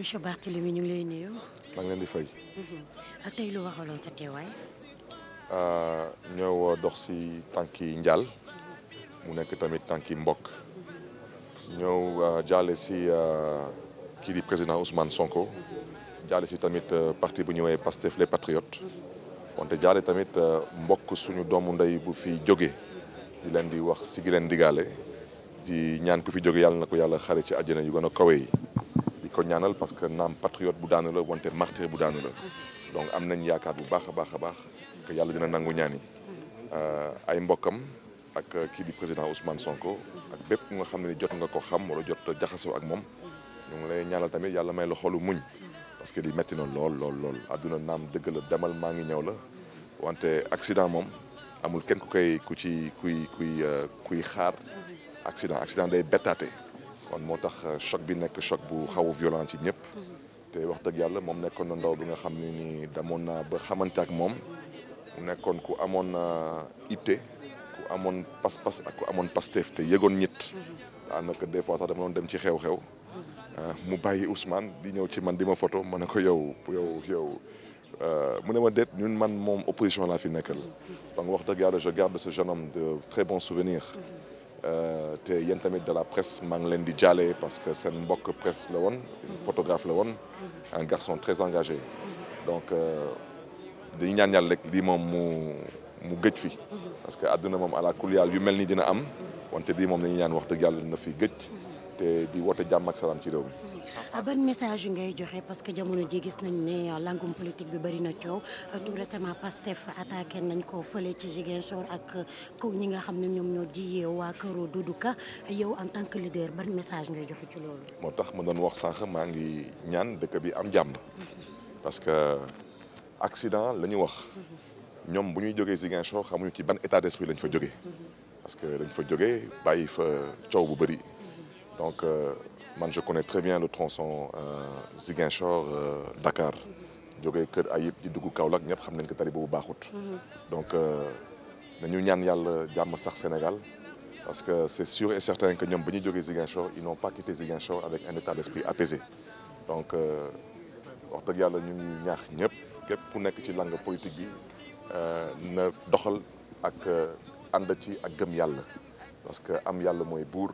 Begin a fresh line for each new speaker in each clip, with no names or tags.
monsieur Barthélémy ñu ngi lay nuyu. ngi leen fay. Mm-hmm. ak tey lu waxaloon sa teewaay.
Ah, ñëw dox si tànki njaal mu nekk tamit tànki mbokk. ñëw ah, jaale si ah, kii di président Ousmane Sonko. jaale si tamit parti bu ñëwee Pastef les Patriotes. wante jaale tamit mbokk suñu doomu ndey bu fi jóge di leen di wax si gi leen digaale di ñaan ku fi jóge yàlla na ko yàlla xare ci àjjana yu gën a kawe yi. di ko ñaanal parce que naam patriote bu daanu la wante martyr bu daanu la donc am nañ yaakaar bu baax a baax a baax que yàlla dina nangu ñaani yi euh, ay mbokkam ak kii di président Ousmane Sonko ak bépp nga xam ne jot nga ko xam wala jot jaxasoo ak moom ñu ngi lay ñaanal tamit yàlla may la xolu muñ parce que di metti na lool lool lool àdduna naam dëgg la demal maa ngi ñëw la wante accident moom amul kenn ku koy ku ci kuy kuy euh, kuy xaar accident accident day bettaate kon moo tax euh, choc bi nekk choc bu xaw a violent ci ñëpp. Mm-hmm. te wax dëgg yàlla moom nekkoon na ndaw bi nga xam ne nii damoon naa ba xamante ak moom mu nekkoon ku amoon euh, itte ku amoon pas-pas ak ku amoon pasteef te yëgoon ñit mm-hmm. daanaka des fois sax dama dem ci xew-xew. Mm-hmm. Euh, mu bàyyi Ousmane di ñëw ci man di ma photo ma ne ko yow yow yow. mu ne ma déet ñun man moom opposition laa fi nekkal donc wax dëgg yàlla je garde ce jeune homme de très bons souvenirs. Euh, te yéen tamit de la presse maa ngi leen di jaale parce que seen mbokk presse la woon photographe la woon un garçon très engagé donc euh, dañu ñaan yàlla rek lii moom mu mu gëj fi parce que adduna moom àla kulli yàlla yu mel ni dina am wante lii moom dañuy ñaan wax dëgg yàlla na fi gëj te di woote jàmm ak ci réew
Euh, ban message yi ngay joxe parce que jamono ji gis nañ ne euh, langum politique bi bari na coow euh, tout récemment Pastef attaqué nañ koo fële ci Ziguinchor ak kaw ñi nga xam ne ñoom ñoo di waa këru Doudou Ka yow en tant que leader ban message ngay joxe ci loolu.
moo tax ma doon wax sànq maa ngi ñaan dëkk bi am jàmm. parce que accident la ñu wax. ñoom bu ñuy jógee Ziguinchor xamuñu ci ban état d'esprit lañ fa jógee. parce que dañ fa jógee bàyyi fa coow bu bëri. man je connais très bien le son euh, Ziguinchor euh, Dakar jógee Kër Ayib di dugg Kaolack ñëpp xam nañ ko tali boobu baaxut. Mhm. donc euh, nañu ñaan yàlla jàmm sax Sénégal parce que c'est sûr et certain que ñoom ba ñu jógee Ziguinchor ils n'ont pas quitté Ziguinchor avec un état d'esprit apaisé donc wax dëgg yàlla ñu ngi ñaax ñëpp képp ku nekk ci langue politique bi na doxal ak ànd ci ak gëm yàlla parce que am yàlla mooy buur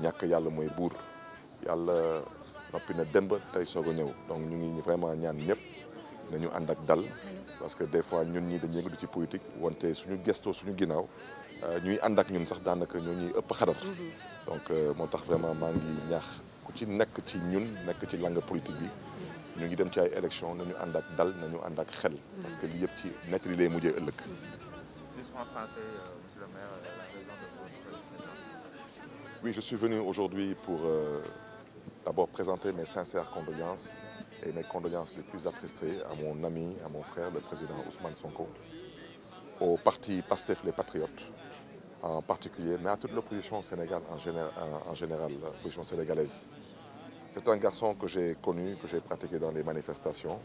ñàkk yàlla mooy buur. yàlla noppi na démb tey soog a ñëw donc ñu ngi vraiment ñaan na ñu ànd ak dal parce que des fois ñun ñii dañu yëngatu ci politique wante suñu gestoo suñu ginnaaw euh, ñuy ànd ak ñun sax daanaka ñoo ñuy ëpp xadar donc euh, moo tax vraiment maa ngi ñaax ku ci nekk ci ñun nekk ci langue politique bi ñu ngi dem ci ay élection nañu ànd ak dal nañu ànd ak xel parce que li yëpp ci maître yi lay mujjee ëllëg euh, Oui, je suis venu aujourd'hui pour euh, d'abord présenter mes sincères condoléances et mes condoléances les plus attristées à mon ami, à mon frère, le président Ousmane Sonko, au parti PASTEF les Patriotes en particulier, mais à toute l'opposition sénégalaise en, général, en général l'opposition sénégalaise. C'est un garçon que j'ai connu, que j'ai pratiqué dans les manifestations,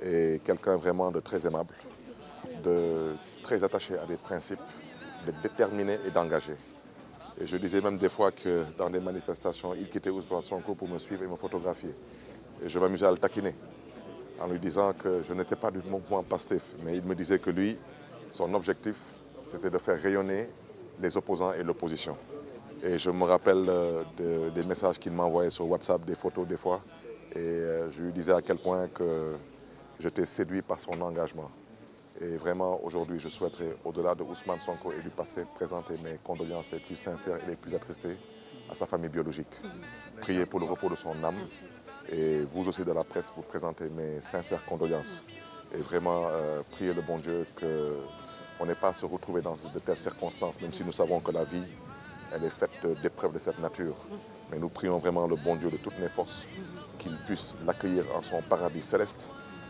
et quelqu'un vraiment de très aimable, de attaché à des principes, de déterminé et d'engagé. Et je disais des fois que dans des manifestations, il quittait Ousmane Sonko pour me suivre et me photographier. Et je m'amusais à le en lui disant je n'étais pas du mouvement PASTEF. Mais il me disait que lui, son objectif, c'était de faire rayonner les opposants et l'opposition. Et je me rappelle euh, de, des messages qu'il m'envoyait sur WhatsApp, des photos des fois. Et euh, je lui disais à quel point que j'étais séduit par son engagement. Et vraiment, aujourd'hui, je souhaiterais, au-delà de Ousmane Sonko et du pasteur, présenter mes condoléances les plus sincères et les plus attristées à sa famille biologique. Priez pour le repos de son âme. Et vous aussi de la presse, vous présentez mes sincères condoléances. Et vraiment, euh, priez le bon Dieu qu'on n'ait pas à se retrouver dans de telles circonstances, même si nous savons que la vie, elle est faite d'épreuves de cette nature. Mais nous prions vraiment le bon Dieu de toutes mes forces qu'il puisse l'accueillir en son paradis céleste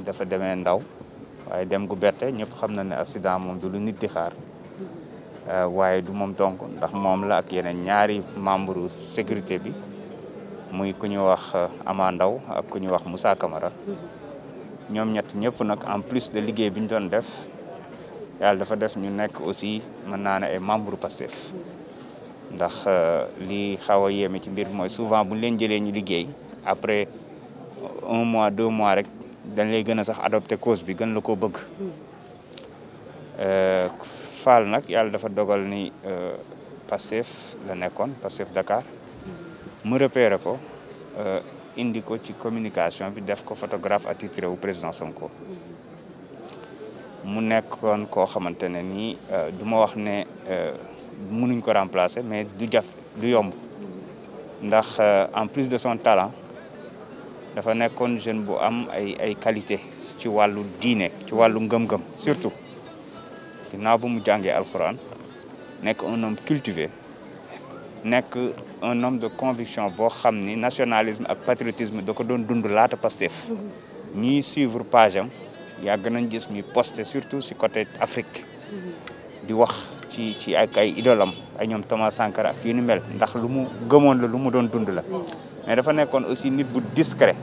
dafa demee ndaw waaye dem gu berte ñëpp xam na ne accident moom du lu nit di xaar euh, waaye du moom donc ndax moom la ak yeneen ñaari membre sécurité bi muy ku ñu wax euh, Ama Ndaw ak ku ñu wax mussa Camara ñoom ñett ñëpp nag en plus de liggéey bi ñu doon def yàlla dafa def ñu nekk aussi mën naa ne ay membre Pastef ndax euh, li xaw a yéeme ci mbir mooy souvent bu ñu leen jëlee ñu liggéey après un mois deux mois rek dañ lay gën a sax adopté cause bi gën la koo bëgg euh, Fall nag yàlla dafa dogal ni euh, Pastef la nekkoon Pastef Dakar mu repéré ko euh, indi ko ci communication bi def ko photographe attitré wu président ko mu nekkoon koo xamante ne nii du ma wax ne mënuñ ko remplacer mais du jaf du yomb ndax en plus de son talent dafa nekkoon jeune bu am ay ay qualité ci wàllu diine ci wàllu ngëm-ngëm surtout ginnaaw bu mu jàngee alxuraan nekk un homme cultivé nekk un homme de conviction boo xam ni nationalisme ak patriotisme da ko doon dund laata Pastef ñiy suivre page am yàgg nañ gis muy posté surtout si côté Afrique di wax ci ci ak ay idolam ay ñoom Thomas Sankara ak yu ni mel ndax lu mu gëmoon la lu mu doon dund la mais dafa nekkoon aussi nit bu discret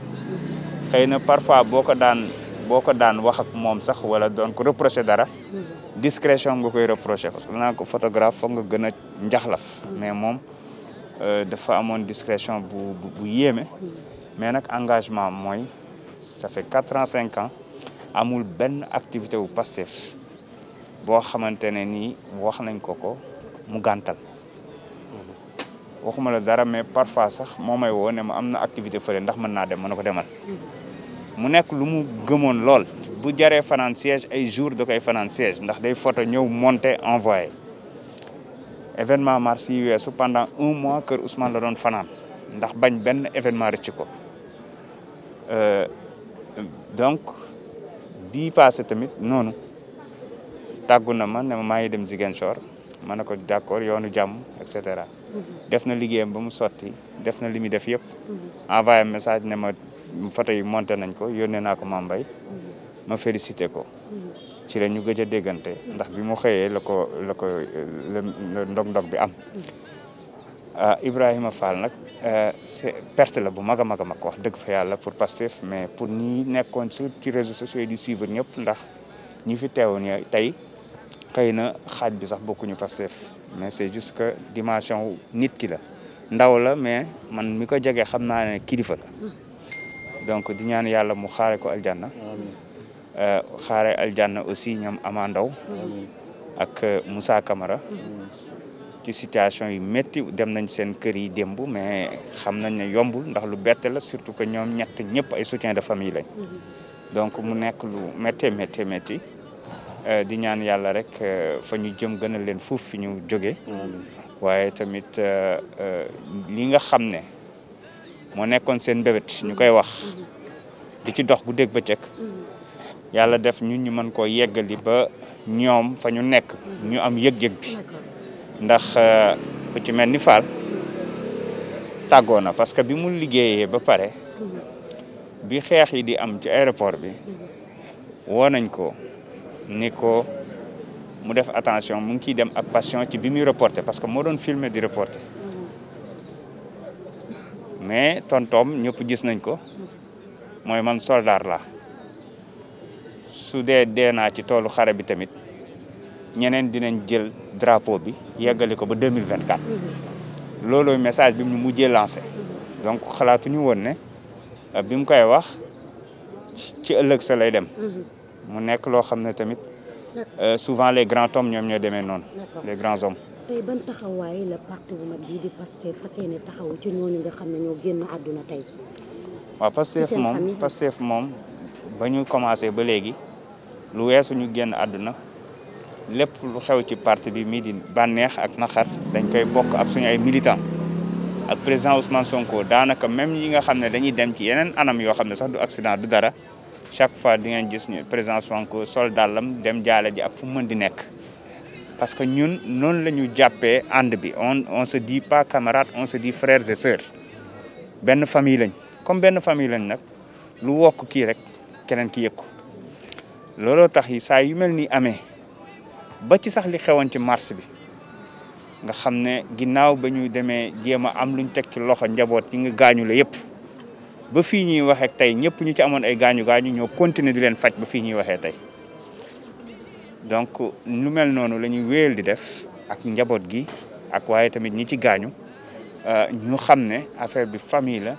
xëy na parfois boo ko daan boo ko daan wax ak moom sax wala doon ko reproché dara discrétion nga koy reproché parce que danaa ko photographe foog nga gën a njaxlaf mais moom euh, dafa amoon discretion bu bu yéeme mais nag engagement mooy ça fait quatre ans cinq ans amul benn activité wu Pastef boo xamante ne nii wax nañ ko ko mu gàntal waxuma la dara mais parfois sax moo may woo ne ma am na activité fële ndax mën naa dem mën na ko demal mu nekk lu mu gëmoon lool bu jaree fanaan siège ay jour de koy fanaan siège ndax day photo ñëw monter envoyé événement mars yi weesu pendant un mois kër Ousmane la doon fanaan ndax bañ benn événement rëcc ko euh, donc bii passé tamit noonu tàggu na ma ne ma maa ngi dem Ziguinchor ma ne ko d'accord yoonu jàmm et cetera def na liggéeyam ba mu sotti def na li muy def yëpp. envoyé message ne ma photo yi monté nañ ko yónnee naa ko Mame Mbaye ma félicité ko. ci la ñu gëj a déggante ndax bi mu xëyee la ko la ko la ndog-ndog bi am. ah Ibrahima Fall nag euh, c'est perte la bu mag a mag a mag wax dëgg fa yàlla pour Pastef mais pour ñi nekkoon su ci réseaux sociaux yi di suivre ñëpp ndax ñi fi teewoon tey xëy na xaaj bi sax bokkuñu Pastef mais c'est juste que dimension nit ki la ndaw la mais man mi ko jege xam naa ne kilifa la donc di ñaan yàlla mu xaare ko aljanna euh, xaare aljanna aussi ñam Ama Ndaw ak euh, Moussa kamara ci situation yu métti dem nañ seen kër yi démb mais xam nañ ne yombul ndax lu bett la surtout que ñoom ñett ñëpp ay soutien de famille lañ donc mu nekk lu métti métti métti Euh, di ñaan yàlla rek euh, fa ñu jëm gëna leen fuuf fi ñu jóge waaye tamit euh, li nga xam ne moo nekkoon seen mbébét ñu koy wax di ci dox guddeeg bëccëg yàlla def ñu ñu mën koo yeggali ba ñoom fa ñu nekk ñu am yëg-yëg bi ndax ku ci mel ni Fall tàggoo na parce que bi mu liggéeyee ba pare
mm-hmm.
bi xeex yi di am ci aéroport bi
mm-hmm.
woo nañ ko ni ko mu def attention mu ngi ciy dem ak passion ci bi muy reporté parce que moo doon filmé di reporté mais tontoom ñëpp gis nañ ko mooy man soldaar la su dee dee naa ci toolu xare bi tamit ñeneen dinañ jël drapeau bi yeggali ko ba
2024
loolooy message bi mu mujjee lancé donc xalaatuñu woon ne bi mu koy wax ci ëllëg sa lay dem mu nekk loo xam ne tamit euh, souvent les grands hommes ñoom ñoo demee noonu. les grands hommes.
tey ban
taxawaay la parti bu mag bii di Pastef fas yéene taxaw ci ñooñu nga xam ne ñoo génn àdduna tey.
waaw Pastef moom Pastef moom ba ñu commencé ba léegi lu weesu ñu génn àdduna lépp lu xew ci parti bi mii di bànneex ak naqar dañ koy bokk ak suñu ay militants ak président Ousmane Sonko daanaka même yi nga xam ne dañuy dem ci yeneen anam yoo xam ne sax du accident du dara. chaque fois di ngeen gis ñu ko Sonko sol dem jaale ji ak fu mën di nekk parce que ñun noonu la ñu jàppee ànd bi on on se dit pas camarades on se dit frères et sœurs benn famille lañ comme benn famille lañ nag lu wokk kii rek keneen ki yëg ko looloo tax yi saa yu mel ni amee ba ci sax li xewoon ci mars bi nga xam ne ginnaaw ba ñu demee jéem am lu luñ teg ci loxo njaboot yi nga gaañu la yëpp ba fii ñuy waxee tey ñëpp ñu ci amoon ay gaañu gaañu ñoo continuer di leen faj ba fii ñuy waxee tey donc lu mel noonu la ñuy wéyal di def ak njaboot gi ak waaye tamit ñi ci gaañu euh, ñu xam ne affaire bi famille la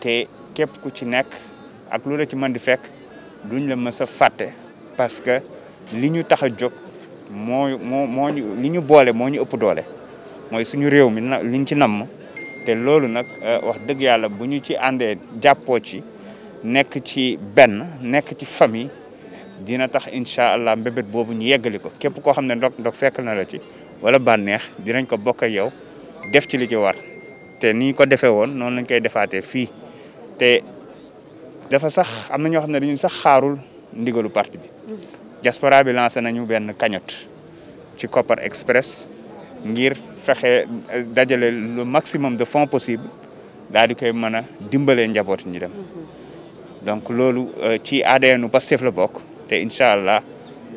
te képp ku ci nekk ak lu la ci mën di fekk duñ la mës a fàtte parce que li ñu tax a jóg moo moo ñu li ñu boole moo ñu ëpp doole mooy suñu réew mi liñ ci namm te loolu nag euh, wax dëgg yàlla bu ñu ci àndee jàppoo ci nekk ci benn nekk ci famille dina tax incha allah mbébét boobu ñu yeggali ko képp koo xam ne ndog ndog fekk na la ci wala bànneex dinañ ko bokk ak yow def ci li ci war te ni ñu ko defee woon noonu lañ koy defaatee fii te dafa sax am na ñoo xam ne dañu sax xaarul ndigalu parti bi mm. diaspora bi lancé nañu benn cagnotte ci Kopar Express ngir fexe euh, dajale le maximum de fonds possible daal di koy mën a dimbalee njaboot ñu dem donc loolu euh, ci ADN Pastef la bokk te incha allah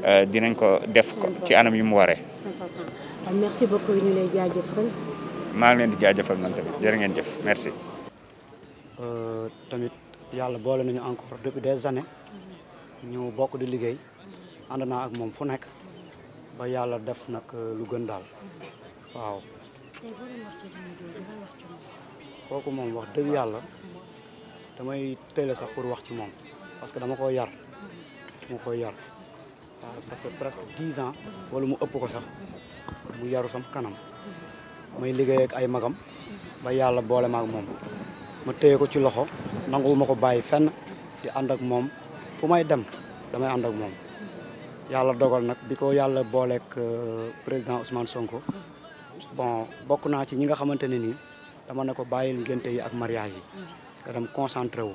euh, dinañ ko def ko ci anam yu mu waree. maa ngi leen di jaajëfal man tamit jërë ngeen merci.
tamit yàlla boole nañu encore depuis des années mm-hmm. ñu bokk di liggéey ànd ak moom fu nekk. ba yàlla def nag euh, lu gën daal waaw kooku moom wax dëgg yàlla damay tële sax pour wax ci moom parce que dama ko yar dama ko yar waaw ça presque dix ans wala mu ëpp ko sax mu yaru sam kanam may liggéey ay magam ba yàlla boole ma ak moom ma téye ko ci loxo nanguwuma ko bàyyi fenn di ànd ak moom fu may dem damay ànd ak moom yàlla dogal nag bi ko yàlla booleek euh, président Ousmane Sonko bon bokk naa ci ñi nga xamante ne nii dama ne ko bàyyil ngénte yi ak mariage yi nga dem wu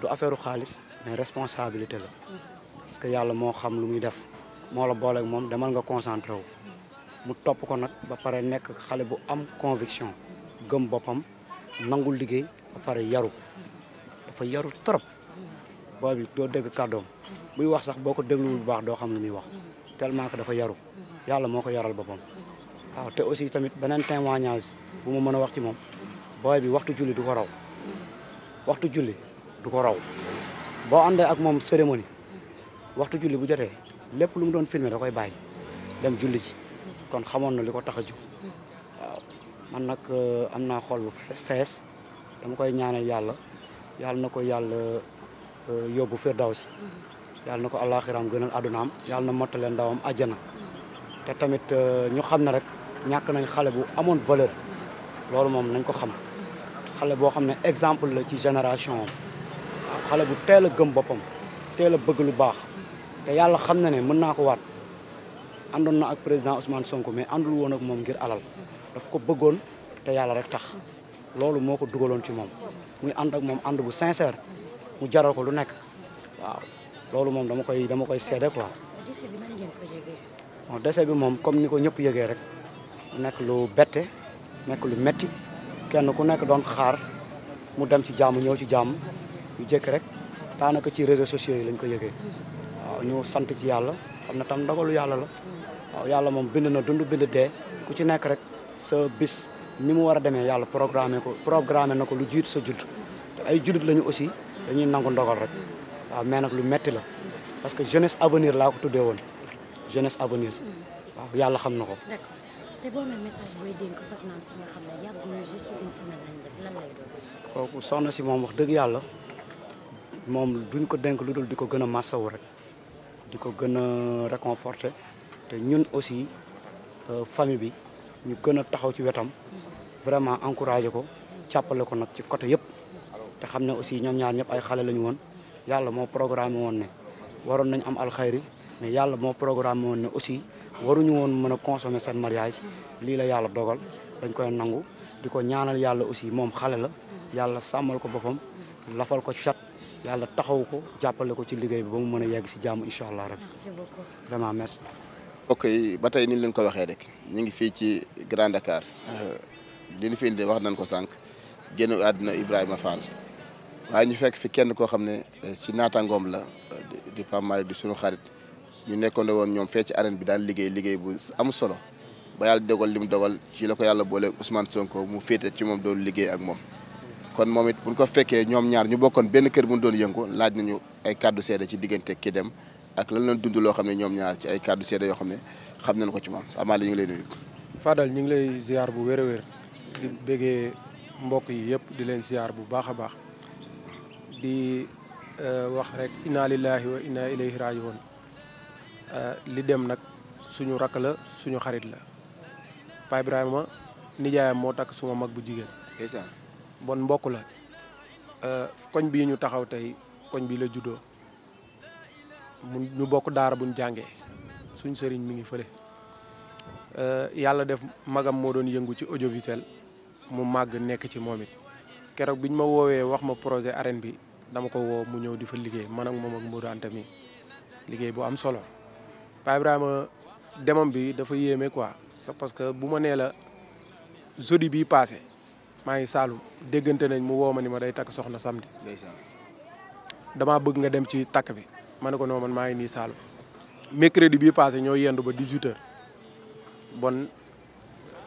du affaire xaalis mais responsabilité la parce que yàlla moo xam lu muy def moo la booleeg moom demal nga concentré wu mu topp ko nag ba pare nekk xale bu am conviction gëm boppam nangul liggéey ba pare yaru dafa yaru trop booy bi doo dégg kàddoom buy wax sax boo ko dégluwul bu baax doo xam lu muy wax tellement que dafa yaru yàlla moo ko yaral boppam waaw te aussi tamit beneen témoignage bu ma mën a wax ci moom booy bi waxtu julli du ko raw waxtu julli du ko raw boo àndee ak moom cérémonie waxtu julli bu jotee lépp lu mu doon filmé da koy bàyyi dem julli ji kon xamoon na li ko tax a jóg waaw man nag euh, am naa xol bu fees dama koy ñaanal yàlla yàlla na ko yàlla euh, yóbbu firdaws yàlla na ko àllaaxiraam gënal àddunaam yàlla na mottale ndawam àjjana te tamit euh, ñu xam ne rek ñàkk nañ xale bu amoon valeur loolu moom nañ ko xam xale boo xam ne exemple la ci génération am waaw xale bu teel a gëm boppam teel a bëgg lu baax te yàlla xam na ne mën naa ko waat àndoon na ak président Ousmane Sonko mais àndul woon ak moom ngir alal dafa ko bëggoon te yàlla rek tax loolu moo ko dugaloon ci moom muy ànd ak moom ànd bu sincère mu jaral ko lu nekk loolu moom dama koy dama koy seede quoi. décès bi bi moom comme ni ko ñëpp yëgee rek nekk lu bette nekk lu metti kenn ku nekk doon xaar mu dem ci jàmm ñëw ci jàmm ñu jëkk rek daanaka ci réseaux sociaux yi lañ ko yëgee ñu sant ci yàlla xam na tam ndogalu yàlla la yàlla moom bind na dund bind dee ku ci nekk rek sa bis ni mu war a demee yàlla programmé ko programmé na ko lu juit sa judd te ay jullit lañu aussi dañuy nangu ndogal rek waaw mais nag lu metti la parce que jeunesse avenir laa ko tuddee woon jeunesse avenir waaw yàlla xam na ko. d'accord si soxna si moom wax dëgg yàlla moom duñ ko dénk lu dul di ko gën a woo rek di ko gën a réconforter te ñun aussi euh, famille bi ñu gën a taxaw ci wetam vraiment encouragé ko càppale ko nag ci côté yëpp te xam ne aussi ñoom ñaar ñëpp ay xale lañu woon. yàlla moo programme woon ne waroon nañ am alxayri mais yàlla moo programme woon ne aussi waruñu woon mën a consommer seen mariage lii la yàlla dogal dañ koy nangu di ko ñaanal yàlla aussi moom xale la yàlla sàmmal ko boppam lafal ko cat yàlla taxaw ko jàppale ko ci liggéey bi ba mu mën a yegg si jàmm incha allah rabbi
ok ba tey ni ñu leen ko waxee rek ñu ngi fii ci Grand Dakar euh, li ñu fi indi wax nañ ko sànq génn àdduna Ibrahima Fall waaye ñu fekk fi kenn koo xam ne eh, ci naataangoom la eh, di Pape Malick di suñu xarit ñu nekkoon woon ñoom fee ci arène bi daan liggéey liggéey bu am solo ba yàlla dogal li mu dogal ci la ko yàlla boole Ousmane Sonko mu féete ci moom doon liggéey ak moom. kon moom bu buñ ko fekkee ñoom ñaar ñu bokkoon benn kër bu nu doon yëngu laaj nañu ay kàddu seede ci diggante ki dem ak lan lañ dund loo xam ne ñoom ñaar ci ay kàddu seede yoo xam ne xam nañ ko ci moom amaat la ñu ngi lay nuyu.
Fadal lay ziar bu wér a wér mbokk yi yëpp di leen ziar bu baax di eh, wax rek inna lillahi wa inna ilayhi rajiun eh, li dem nag suñu rakk la suñu xarit la Pa Ibrahima nijaayam moo takk suma mag bu jigéen bon mbokk la eh, koñ bi ñu taxaw tey koñ bi la juddoo mu ñu bokk daara buñ jàngee suñ sëriñ mi ngi fële yàlla def magam moo doon yëngu ci audiovisuel mu màgg nekk ci moom it keroog ñu ma woowee wax ma projet arène bi dama ko woo mu ñëw di fa liggéey man ak moom ak mi liggéey bu am solo Pa Ibrahima demam dafa yéeme quoi c'est parce que bu ma la jeudi bii passé maa ngi Saalum déggante nañ mu woo ma ni ma day takk soxna samedi. damaa bëgg nga dem ci takk bi ma ne ko non man maa ngi nii Saalum mercredi bii passé ñoo yendu ba 18h bon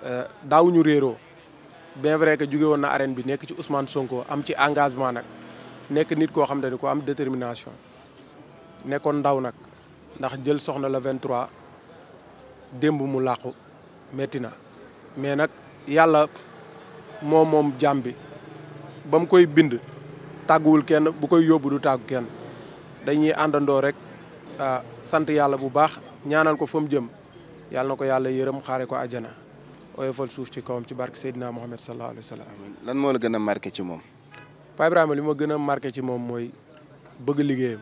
euh, daawuñu réeroo bien vrai que jóge woon na arène bi nekk ci Ousmane Sonko am ci engagement nag. nekk nit koo xam ne ko am détermination nekkoon ndaw nag ndax jël soxna la 23 démb mu làqu metti na mais nag yàlla moo moom jaam bi ba mu koy bind tàgguwul kenn bu koy yóbbu du tàggu kenn dañuy àndandoo rek ah, sant yàlla bu baax ñaanal ko fa mu jëm yàlla na ko yàlla yërëm xaare ko àjjana oyofal suuf ci kawam ci barke Seydina Mohamed sallallahu alayhi wa sallam
lan moo la gën a marqué ci moom.
Pa Ibrahima li ma gën a marqué ci moom mooy bëgg liggéeyam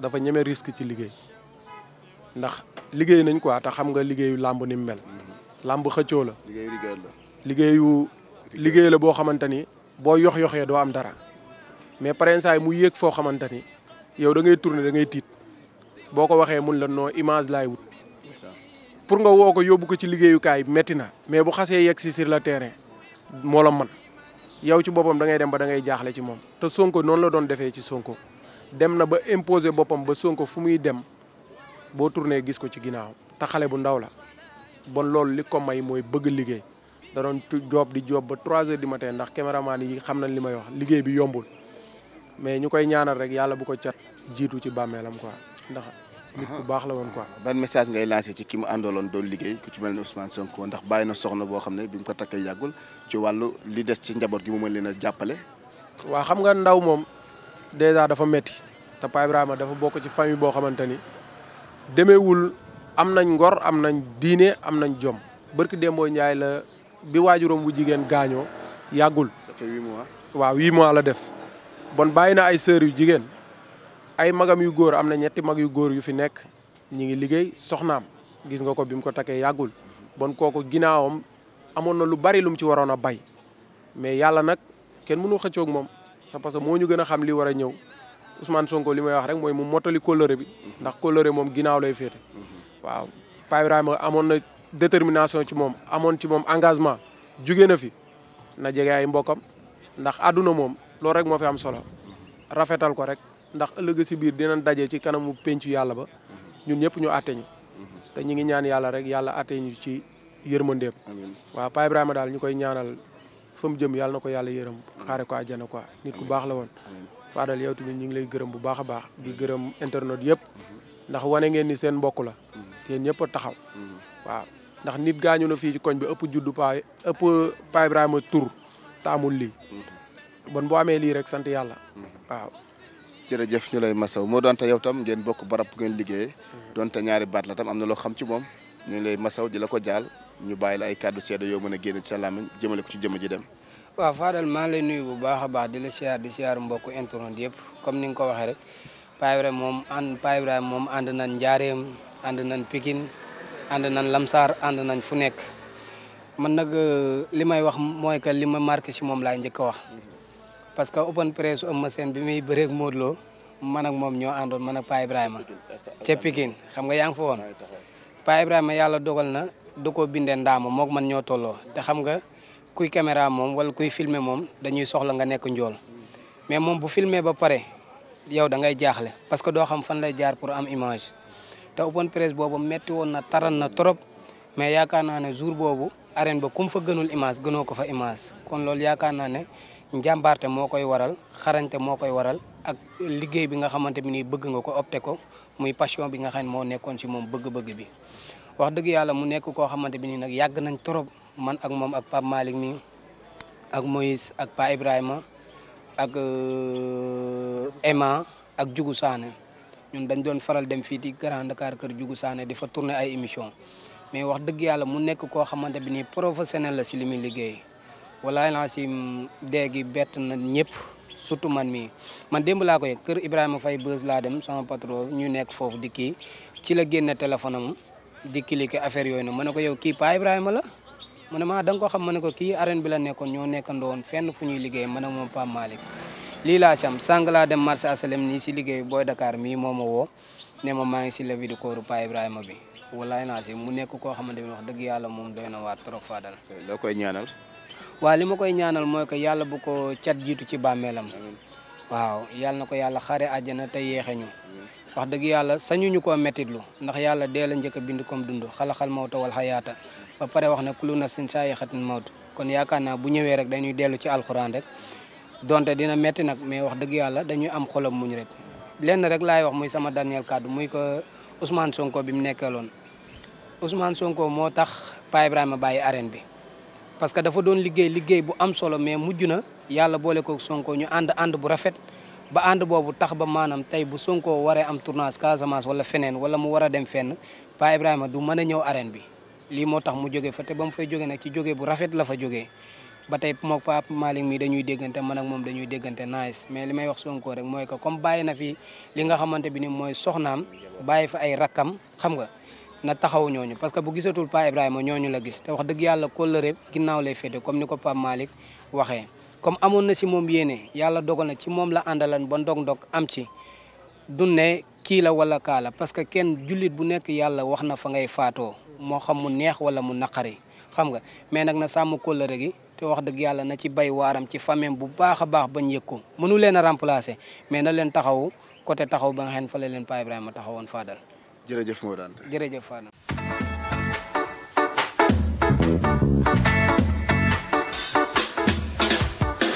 dafa ñeme risque ci liggéey ndax liggéey nañ quoi te xam nga liggéeyu làmb ni mu mel. làmb xëccoo la. liggéeyu liggéeyu liggéey la boo xamante ni boo yox yoxee doo am dara mais parensaay mu yéeg foo xamante ni yow da ngay tourner da ngay tiit boo ko waxee mun la noo image laay wut. pour nga woo ko yóbbu ko ci liggéeyukaay metti na. mais bu xasee yegg si sur le terrain moo la man yow ci boppam dangay dem ba da ngay jaaxle ci moom te Sonko noonu la doon defee ci Sonko dem na ba imposer boppam ba Sonko fu muy dem boo tourné gis ko ci ginnaaw te xale bu ndaw la bon loolu li ko may mooy bëgg liggéey da doon joob di joob ba trois heures di matin ndax caméraman yi xam nañ li may wax liggéey bi yombul mais ñu koy ñaanal rek yàlla bu ko ca jiitu ci bàmmeelam quoi nit ku baax la woon quoi.
ban message ngay lancé ci ki mu àndaloon doon liggéey ku ci mel ne Ousmane Sonko ndax bàyyi na soxna boo xam ne bi mu ko takkee yàggul ci wàllu li des ci njaboot gi mu jàppale.
waaw xam ndaw moom dèjà dafa metti te Paa Ibrahima dafa bokk ci famille boo xamante ni demeewul am nañ ngor am nañ diine am nañ jom barki Dembo Ndiaye la bi waajuram bu jigéen gaañoo yàggul. ça fait huit mois. waaw huit mois la def bon bàyyi na ay sœurs yu jigéen. ay magam yu góor am na ñetti mag yu góor yu fi nekk ñi ngi liggéey soxnaam gis nga ko bi mu ko takkee yàggul bon kooku ginnaawam amoon na lu bari lu mu ci waroon a bay mais yàlla nag kenn mënu xëccoog moom c'est parce que moo ñu gën a xam li war a ñëw Ousmane Sonko li may wax rek mooy mu mottali kóllëre bi ndax kóllëre moom ginnaaw lay féete waaw Pa amoon na détermination ci moom amoon ci moom engagement jugee na fi na jege ay mbokkam ndax àdduna moom loolu rek moo fi am solo rafetal ko rek ndax ëllëg si biir dinañ daje ci kanamu pencu yàlla ba ñun ñëpp ñu àtte ñu te ñu ngi ñaan yàlla rek yàlla àtte ñu ci yërmandeem waaw Pa Ibrahima daal ñu koy ñaanal fa mu jëm yàlla na ko yàlla yërëm xaare ko àjjana ko nit ku baax la woon Fadal yow tamit ñu ngi lay gërëm bu baax a baax di gërëm internet yëpp ndax wane ngeen ni seen mbokk la yéen ñëpp a taxaw waaw ndax nit gaañu na fii ci koñ bi ëpp juddu Pa ëpp Pa tur taamul lii bon boo amee lii rek sant yàlla
jërëjëf ñu lay masaw moo doonte yow tam ngeen bokk barab ngeen liggéeyee mhm. doonte ñaari baat la tam am na loo xam ci moom ñu lay masaw di la ko jaal ñu bàyyi la ay kàddu seede yoo mën a génn ci sa làmmiñ jëmale ko ci jëmm ji dem
waaw Fadal lay nuyu bu baax a baax di la siyaar di siyaar mbokku internet yëpp comme ni nga ko waxee rek Pa Ibrahima moom ànd Pa moom ànd nañ njaareem ànd nañ Pikine ànd nañ Lamsaar ànd nañ fu nekk man nag euh, li may wax mooy que li ma marqué si moom laay njëkk a wax mhm. parce que open press Eumeu Sène bi muy bëreeg Modou Lo man ak moom ñoo àndoon man ak Pa Ibrahima ca Pikine xam nga yaa ngi fa woon Pa Ibrahima yàlla dogal na da koo bindee ndaama mook man ñoo tolloo te xam nga kuy caméra moom wala kuy filmer moom dañuy soxla nga nekk njool mais moom bu filmer ba pare yow da ngay jaaxle parce que doo xam fan lay jaar pour am image te open press boobu metti woon na taran na trop mais yaakaar naa ne jour boobu arène ba kum fa gënul image gënoo ko fa image kon loolu njàmbaarte moo koy waral xarañte moo koy waral ak liggéey bi nga xamante bi nii bëgg nga ko opté ko muy passion bi nga xam ne moo nekkoon ci moom bëgg-bëgg bi wax dëgg yàlla mu nekk koo xamante bi nii nag yàgg nañ trop man ak moom ak Pape Malick mi ak Moïse ak Pa Ibrahima ak euh, Emma ak Diougou saane ñun dañ doon faral dem fii di Grand Dakar kër jugu saane di fa tourner ay émission mais wax dëgg yàlla mu nekk koo xamante bi nii professionnel la ci li liggéey walaay laa si bett na ñëpp surtout man mii man démb laa ko yëg kër Ibrahima Faye Beuz laa dem sama patron ñu nekk foofu di ci la génne téléphone am di cliquer affaire yooyu nag ma ne ko yow kii Pa Ibrahima la ma ah, da nga ko xam ma ne ko kii arène bi la nekkoon ñoo nekkandoon fenn fu ñuy liggéey ma ne moom Pa lii laa si am laa dem marché asalem nii si liggéey booy dakaar mii moo ma woo ne ma maa ngi si la vidéo kooru Pa Ibrahima bi walaay naa si mu nekk koo xamante ne wax dëgg yàlla moom doy na waar trop fadal loo koy ñaanal waa li ma koy ñaanal mooy ko yàlla bu ko cat jiitu ci bàmmeelam waaw yàlla na ko yàlla xare àjjana te yeexe ñu wax dëgg yàlla sañuñu ko mettitlu ndax yàlla dee la njëkk bind comme dund xalaxal mawta wal xayaata ba pare wax na kulu nafsin saayixatin mawt kon yaakaar naa bu ñëwee rek dañuy dellu ci alxuraan rek donte dina metti nag mais wax dëgg yàlla dañuy am xolam muñ rek lenn rek laay wax muy sama dernier kàddu muy ko Ousmane Sonko bi mu nekkeeloon Ousmane Sonko moo tax Pa Ibrahima bàyyi arène bi parce que dafa doon liggéey liggéey bu am solo mais mujj na yàlla boole ko Sonko ñu ànd ànd bu rafet ba ànd boobu tax ba maanaam tey bu Sonko waree am tournage Casamance wala feneen wala mu war a dem fenn Pa Ibrahima du mën a ñëw arène bi lii moo tax mu jóge fa te ba mu fay jógee nag ci jógee bu rafet la fa jóge ba tey moom Pape Malick mii dañuy déggante man ak moom dañuy déggante nice mais li may wax Sonko rek mooy que comme bàyyi na fi li nga xamante bi ni mooy soxnaam bàyyi fa ay rakkam xam nga na taxaw ñooñu parce que bu gisatul Pa Ibrahima ñooñu la gis te wax dëgg yàlla kóllëre ginnaaw lay féete comme ni ko Pape Malick waxee comme amoon na si moom yéene yàlla dogal na ci moom la àndalan ba ndog-ndog am ci dunne kii la wala kaa la parce que kenn julit bu nekk yàlla wax na fa ngay faatoo moo xam mu neex wala mu naqari xam nga mais nag na sàmm kóllëre gi te wax dëgg yàlla na ci bay waaram ci famem bu baax a baax bañ yëg ko mënu leen a remplacer mais na leen taxaw côté taxaw ba nga xam fa leen Pa Ibrahima taxawoon faadal
jërëjëf moo daan
jërëjëf Fane.